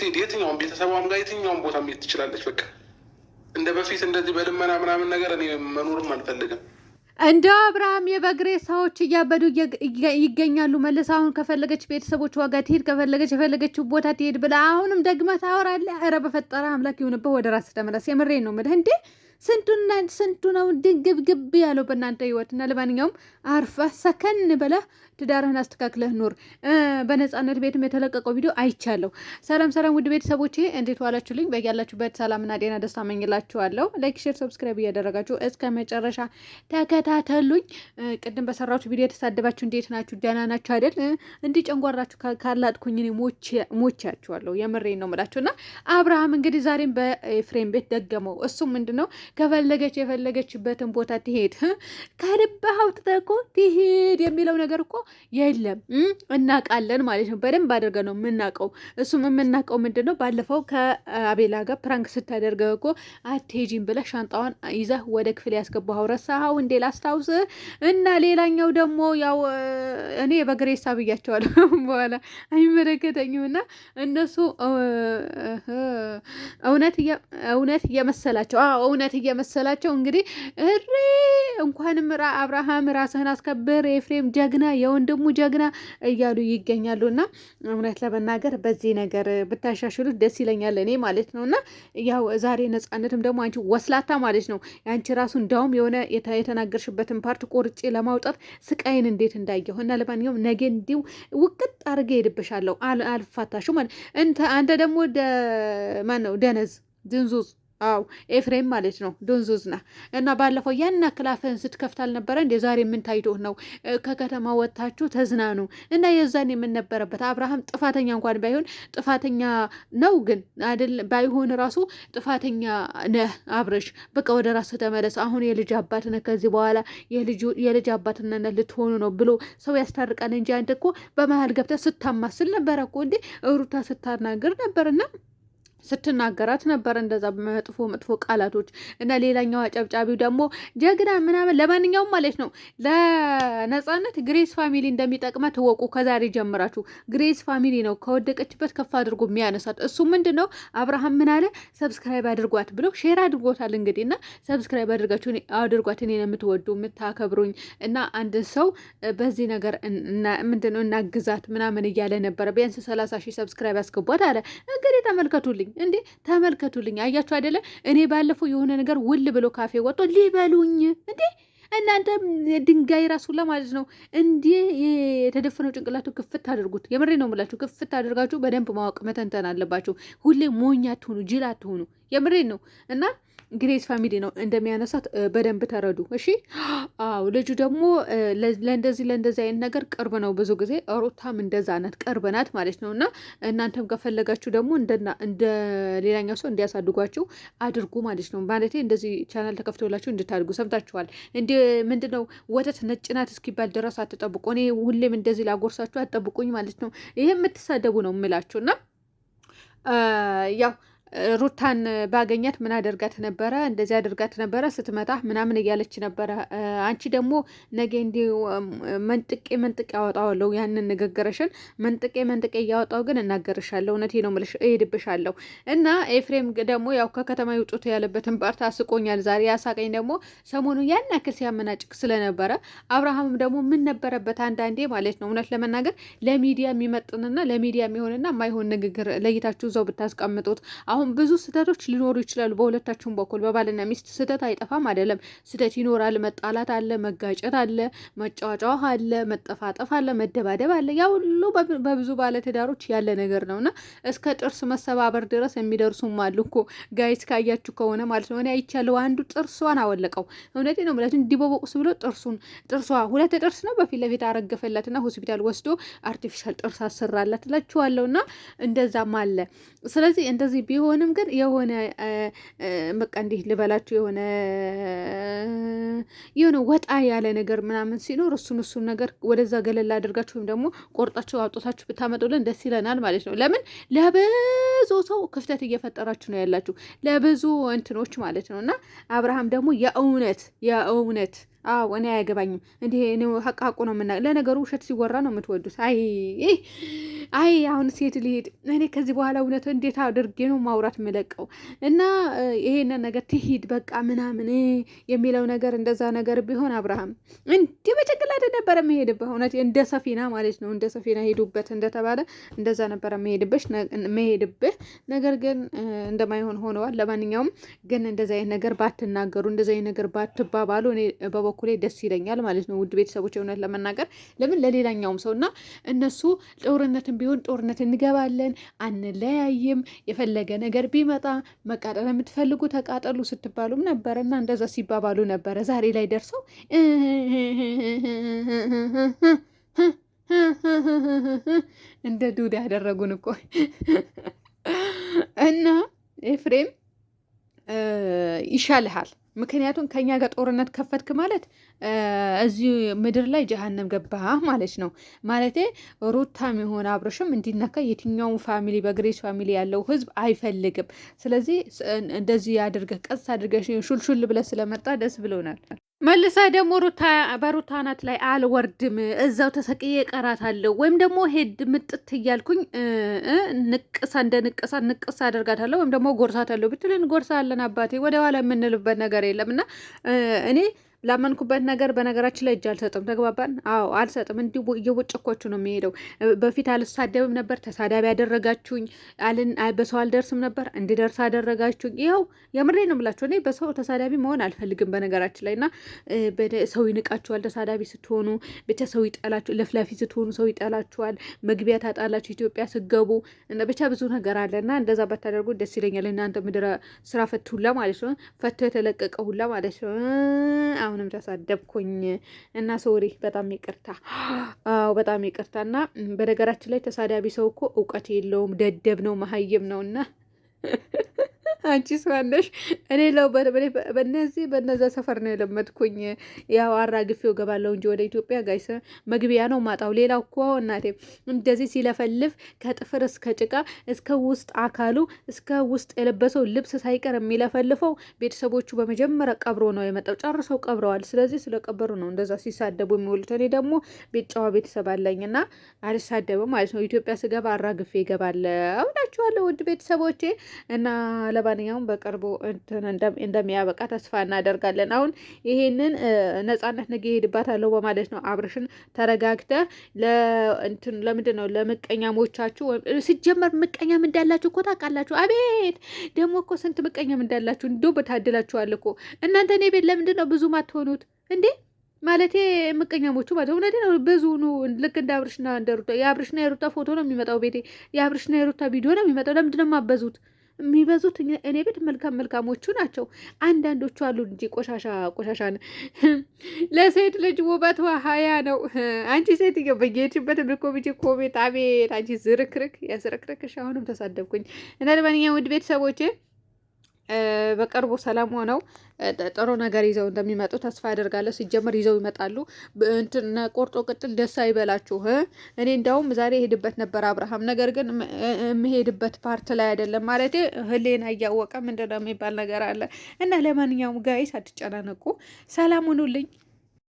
ብትሄድ የትኛውም ቤተሰቧም ጋር የትኛውም ቦታ ሄድ ትችላለች። በቃ እንደ በፊት እንደዚህ በልመና ምናምን ነገር እኔ መኖርም አልፈልግም። እንደ አብርሃም የበግሬ ሰዎች እያበዱ ይገኛሉ። መልስ አሁን ከፈለገች ቤተሰቦች ዋጋ ትሄድ፣ ከፈለገች የፈለገችው ቦታ ትሄድ ብላ አሁንም ደግመህ ታወራለህ። ኧረ በፈጠረ አምላክ ይሁንብህ፣ ወደ ራስህ ተመለስ። የምሬን ነው የምልህ እንዴ ስንቱና ስንቱ ነው ድንግብግብ ያለው በእናንተ ህይወትና። ለማንኛውም አርፈህ ሰከን ብለህ ትዳርህን አስተካክለህ ኑር። በነፃነት ቤትም የተለቀቀው ቪዲዮ አይቻለሁ። ሰላም ሰላም፣ ውድ ቤተሰቦቼ እንዴት ዋላችሁልኝ? በያላችሁበት ሰላምና ጤና ደስታ መኝላችኋለሁ። ላይክ፣ ሼር፣ ሰብስክራይብ እያደረጋችሁ እስከ መጨረሻ ተከታተሉኝ። ቅድም በሰራችሁ ቪዲዮ የተሳደባችሁ እንዴት ናችሁ? ደህና ናችሁ አይደል? እንዲህ ጨንጓራችሁ ካላጥኩኝ ሞቻችኋለሁ። የምሬን ነው የምላችሁና አብርሃም እንግዲህ ዛሬም በኤፍሬም ቤት ደገመው። እሱም ምንድን ነው ከፈለገች የፈለገችበትን ቦታ ትሄድ፣ ከልብህ አውጥተህ እኮ ትሄድ የሚለው ነገር እኮ የለም። እናውቃለን ማለት ነው። በደንብ አድርገን ነው የምናቀው እሱም የምናቀው ምንድን ነው? ባለፈው ከአቤላ ጋር ፕራንክ ስታደርገው እኮ አትሄጂም ብለ ሻንጣዋን ይዘህ ወደ ክፍል ያስገባኸው ረሳኸው እንዴ? ላስታውስ እና ሌላኛው ደግሞ ያው እኔ በግሬ ሳ ብያቸዋለሁ። በኋላ አይመለከተኝም እና እነሱ እውነት እየመሰላቸው እውነት እየመሰላቸው እንግዲህ እሬ እንኳንም አብርሃም ራስህን አስከብር ኤፍሬም ጀግና፣ የወንድሙ ጀግና እያሉ ይገኛሉ። እና እውነት ለመናገር በዚህ ነገር ብታሻሽሉት ደስ ይለኛል እኔ ማለት ነው። እና ያው ዛሬ ነጻነትም ደግሞ አንቺ ወስላታ ማለት ነው አንቺ ራሱ እንዳውም የሆነ የተናገርሽበትን ፓርት ቆርጬ ለማውጣት ስቃይን እንዴት እንዳየሁ እና ለማንኛውም ነገ እንዲሁ ውቅጥ አድርጌ ሄድብሻለሁ። አልፋታሹ ማለት አንተ ደግሞ ማን ነው ደነዝ ድንዙዝ አው ኤፍሬም ማለት ነው ዶንዞዝ ና እና ባለፈው ያን አክላፍህን ስትከፍት አልነበረ እንደ ዛሬ ምን ታይቶ ነው? ከከተማ ወጥታችሁ ተዝናኑ እና የዛን የምንነበረበት አብርሃም ጥፋተኛ እንኳን ባይሆን ጥፋተኛ ነው ግን አይደል ባይሆን ራሱ ጥፋተኛ ነህ አብረሽ በቃ ወደ ራስ ተመለስ። አሁን የልጅ አባት ነህ። ከዚህ በኋላ የልጅ አባትነት ልትሆኑ ነው ብሎ ሰው ያስታርቃል እንጂ አንተ እኮ በመሀል ገብተህ ስታማስል ነበረ እኮ እንዴ ሩታ ስታናግር ነበርና ስትናገራት ነበር እንደዛ መጥፎ መጥፎ ቃላቶች እና ሌላኛው አጨብጫቢው ደግሞ ጀግና ምናምን። ለማንኛውም ማለት ነው ለነጻነት ግሬስ ፋሚሊ እንደሚጠቅማ ትወቁ። ከዛሬ ጀምራችሁ ግሬስ ፋሚሊ ነው ከወደቀችበት ከፍ አድርጎ የሚያነሳት። እሱ ምንድን ነው አብርሃም ምን አለ? ሰብስክራይብ አድርጓት ብሎ ሼር አድርጎታል። እንግዲህ እና ሰብስክራይብ አድርጋችሁ አድርጓት፣ እኔን የምትወዱ የምታከብሩኝ እና አንድ ሰው በዚህ ነገር ምንድነው እናግዛት ምናምን እያለ ነበረ። ቢያንስ ሰላሳ ሺህ ሰብስክራይብ ያስገቧት አለ። እንግዲህ ተመልከቱልኝ እንዴ ተመልከቱልኝ። አያችሁ አይደለ? እኔ ባለፈው የሆነ ነገር ውል ብሎ ካፌ ወጥቶ ሊበሉኝ እንዴ እናንተ ድንጋይ ራሱ ለማለት ነው እንዲህ የተደፈነው ጭንቅላቱ ክፍት አድርጉት። የምሬ ነው ምላችሁ ክፍት አድርጋችሁ በደንብ ማወቅ መተንተን አለባችሁ። ሁሌ ሞኝ አትሆኑ፣ ጅል አትሆኑ። የምሬን ነው እና ግሬስ ፋሚሊ ነው እንደሚያነሳት በደንብ ተረዱ። እሺ አዎ፣ ልጁ ደግሞ ለእንደዚህ ለእንደዚህ አይነት ነገር ቅርብ ነው። ብዙ ጊዜ ሩታም እንደዛ ናት፣ ቅርብ ናት ማለት ነው። እና እናንተም ከፈለጋችሁ ደግሞ እንደ ሌላኛው ሰው እንዲያሳድጓችሁ አድርጉ ማለት ነው። ማለት እንደዚህ ቻናል ተከፍቶላችሁ እንድታድጉ ሰምታችኋል። እንዲ ምንድነው ወተት ነጭ ናት እስኪባል ድረስ አትጠብቁ። እኔ ሁሌም እንደዚህ ላጎርሳችሁ አትጠብቁኝ ማለት ነው። ይሄ የምትሳደቡ ነው የምላችሁ እና ያው ሩታን ባገኛት ምን አደርጋት ነበረ? እንደዚህ አደርጋት ነበረ ስትመጣ ምናምን እያለች ነበረ። አንቺ ደግሞ ነገ እንዲ መንጥቄ መንጥቄ አወጣዋለሁ ያንን ንግግርሽን መንጥቄ መንጥቄ እያወጣው ግን እናገርሻለሁ። እውነቴ ነው የምልሽ እሄድብሻለሁ። እና ኤፍሬም ደግሞ ያው ከከተማ ይውጡት ያለበትን ፓርት አስቆኛል። ዛሬ ያሳቀኝ ደግሞ ሰሞኑ ያን ያክል ሲያመናጭቅ ስለነበረ አብርሃምም ደግሞ ምን ነበረበት አንዳንዴ ማለት ነው እውነት ለመናገር ለሚዲያ የሚመጥንና ለሚዲያ የሚሆንና የማይሆን ንግግር ለይታችሁ እዛው ብታስቀምጡት አሁን ብዙ ስህተቶች ሊኖሩ ይችላሉ በሁለታችሁም በኩል በባልና ሚስት ስህተት አይጠፋም አይደለም ስህተት ይኖራል መጣላት አለ መጋጨት አለ መጫዋጫዋ አለ መጠፋጠፍ አለ መደባደብ አለ ያ ሁሉ በብዙ ባለትዳሮች ያለ ነገር ነውና እስከ ጥርስ መሰባበር ድረስ የሚደርሱም አሉ እኮ ጋይስ ካያችሁ ከሆነ ማለት ነው እኔ አይቻለሁ አንዱ ጥርሷን አወለቀው እውነቴ ነው ማለት እንዲቦቦቁስ ብሎ ጥርሱን ጥርሷ ሁለት ጥርስ ነው በፊት ለፊት አረገፈላትና ሆስፒታል ወስዶ አርቲፊሻል ጥርስ አሰራላት እላችኋለሁና እንደዛም አለ ስለዚህ እንደዚህ ቢሆን ቢሆንም ግን የሆነ በቃ እንዲህ ልበላችሁ የሆነ የሆነ ወጣ ያለ ነገር ምናምን ሲኖር እሱን እሱን ነገር ወደዛ ገለል አድርጋችሁ ወይም ደግሞ ቆርጣችሁ አውጦታችሁ ብታመጡልን ደስ ይለናል ማለት ነው። ለምን ለብዙ ሰው ክፍተት እየፈጠራችሁ ነው ያላችሁ ለብዙ እንትኖች ማለት ነው። እና አብርሃም ደግሞ የእውነት የእውነት አዎ እኔ አያገባኝም። እንዲ ሀቅ ሀቁ ነው የምና ለነገሩ ውሸት ሲወራ ነው የምትወዱት። አይ አይ አሁን ሴት ልሄድ እኔ ከዚህ በኋላ እውነት እንዴት አድርጌ ነው ማውራት የምለቀው? እና ይሄን ነገር ትሂድ በቃ ምናምን የሚለው ነገር እንደዛ ነገር ቢሆን አብርሃም እንዲህ በጭንቅላት ነበረ መሄድበት። እውነት እንደ ሰፊና ማለት ነው እንደ ሰፊና ሄዱበት እንደተባለ እንደዛ ነበረ መሄድብህ። ነገር ግን እንደማይሆን ሆነዋል። ለማንኛውም ግን እንደዚ አይነት ነገር ባትናገሩ፣ እንደዚ አይነት ነገር ባትባባሉ እኔ በበ በበኩሌ ደስ ይለኛል ማለት ነው። ውድ ቤተሰቦች እውነት ለመናገር ለምን ለሌላኛውም ሰው እና እነሱ ጦርነትን ቢሆን ጦርነት እንገባለን፣ አንለያይም፣ የፈለገ ነገር ቢመጣ መቃጠል የምትፈልጉ ተቃጠሉ ስትባሉም ነበረ እና እንደዛ ሲባባሉ ነበረ። ዛሬ ላይ ደርሰው እንደ ዱድ ያደረጉን እኮ እና ኤፍሬም ይሻልሃል ምክንያቱም ከኛ ጋር ጦርነት ከፈትክ ማለት እዚህ ምድር ላይ ጀሃነም ገባህ ማለት ነው። ማለቴ ሩታም የሆነ አብረሽም እንዲነካ የትኛውም ፋሚሊ በግሬስ ፋሚሊ ያለው ህዝብ አይፈልግም። ስለዚህ እንደዚህ አድርገህ ቀስ አድርገህ ሹልሹል ብለህ ስለመጣ ደስ ብሎናል። መልሳ ደግሞ ሩታ በሩታ ናት ላይ አልወርድም፣ እዛው ተሰቅዬ እቀራታለሁ፣ ወይም ደግሞ ሄድ ምጥት እያልኩኝ ንቅሳ እንደ ንቅሳ ንቅሳ አደርጋታለሁ፣ ወይም ደግሞ ጎርሳታለሁ ብትልን ጎርሳ አለን አባቴ፣ ወደኋላ የምንልበት ነገር የለም እና እኔ ላመንኩበት ነገር በነገራችን ላይ እጅ አልሰጥም። ተግባባን? አዎ አልሰጥም። እንዲሁ እየቦጨኳችሁ ነው የሚሄደው። በፊት አልሳደብም ነበር፣ ተሳዳቢ ያደረጋችሁኝ። በሰው አልደርስም ነበር፣ እንዲደርስ አደረጋችሁኝ። ይኸው የምሬ ነው የምላችሁ። እኔ በሰው ተሳዳቢ መሆን አልፈልግም በነገራችን ላይ እና ሰው ይንቃችኋል ተሳዳቢ ስትሆኑ፣ ብቻ ሰው ይጠላችሁ። ለፍላፊ ስትሆኑ ሰው ይጠላችኋል። መግቢያ ታጣላችሁ ኢትዮጵያ ስገቡ። ብቻ ብዙ ነገር አለ እና እንደዛ ባታደርጉ ደስ ይለኛል። እናንተ ምድረ ስራ ፈት ሁላ ማለት ነው፣ ፈቶ የተለቀቀ ሁላ ማለት ነው። አሁንም ተሳደብኩኝ እና ሶሪ፣ በጣም ይቅርታ። አዎ በጣም ይቅርታ። እና በነገራችን ላይ ተሳዳቢ ሰው እኮ እውቀት የለውም፣ ደደብ ነው፣ መሀይም ነው እና አንቺ ስዋለሽ እኔ ለው በነዚህ በነዛ ሰፈር ነው የለመድኩኝ። ያው አራግፌው ገባለው እንጂ ወደ ኢትዮጵያ ጋይሰ መግቢያ ነው ማጣው። ሌላው እኮ እናቴ እንደዚህ ሲለፈልፍ ከጥፍር እስከ ጭቃ እስከ ውስጥ አካሉ እስከ ውስጥ የለበሰው ልብስ ሳይቀር የሚለፈልፈው ቤተሰቦቹ በመጀመሪያ ቀብሮ ነው የመጣው። ጨርሰው ቀብረዋል። ስለዚህ ስለቀበሩ ነው እንደዛ ሲሳደቡ የሚውሉት። እኔ ደግሞ ቤጫዋ ቤተሰብ አለኝ እና አልሳደብም ማለት ነው። ኢትዮጵያ ስገባ አራግፌ ይገባለ እውላችኋለሁ ውድ ቤተሰቦቼ እና ኩባንያውን በቅርቡ እንደሚያበቃ ተስፋ እናደርጋለን። አሁን ይሄንን ነጻነት ነገ ይሄድባታለሁ በማለት ነው አብርሽን ተረጋግተ ለምንድን ነው ለምቀኛሞቻችሁ ሲጀመር ምቀኛም እንዳላችሁ እኮ ታውቃላችሁ። አቤት ደግሞ እኮ ስንት ምቀኛም እንዳላችሁ እንደው በታድላችኋል እኮ እናንተ። እኔ ቤት ለምንድን ነው ብዙ ማትሆኑት እንዴ? ማለቴ ምቀኛሞቹ ማለት እውነት ነው። ብዙ ኑ ልክ እንደ አብርሽና እንደ ሩታ የአብርሽና የሩታ ፎቶ ነው የሚመጣው ቤቴ። የአብርሽና የሩታ ቪዲዮ ነው የሚመጣው። ለምንድን ማበዙት? የሚበዙት እኔ ቤት መልካም መልካሞቹ ናቸው። አንዳንዶቹ አሉ እንጂ ቆሻሻ ቆሻሻ ነው። ለሴት ልጅ ውበት ሀያ ነው። አንቺ ሴትዮ በየሄድሽበት ብርኮ ብጅ ኮቤት አቤት አንቺ ዝርክርክ ያዝረክረክሽ። አሁንም ተሳደብኩኝ እና ለማንኛውም ውድ ቤተሰቦቼ በቅርቡ ሰላም ሆነው ጥሩ ነገር ይዘው እንደሚመጡ ተስፋ አደርጋለሁ። ሲጀመር ይዘው ይመጣሉ። እንትን ቆርጦ ቅጥል ደስ አይበላችሁ። እኔ እንደውም ዛሬ የሄድበት ነበር አብርሃም፣ ነገር ግን የምሄድበት ፓርት ላይ አይደለም ማለት ህሌን እያወቀ ምንድነው የሚባል ነገር አለ እና ለማንኛውም ጋይስ አትጨናነቁ። ሰላም ሁኑልኝ።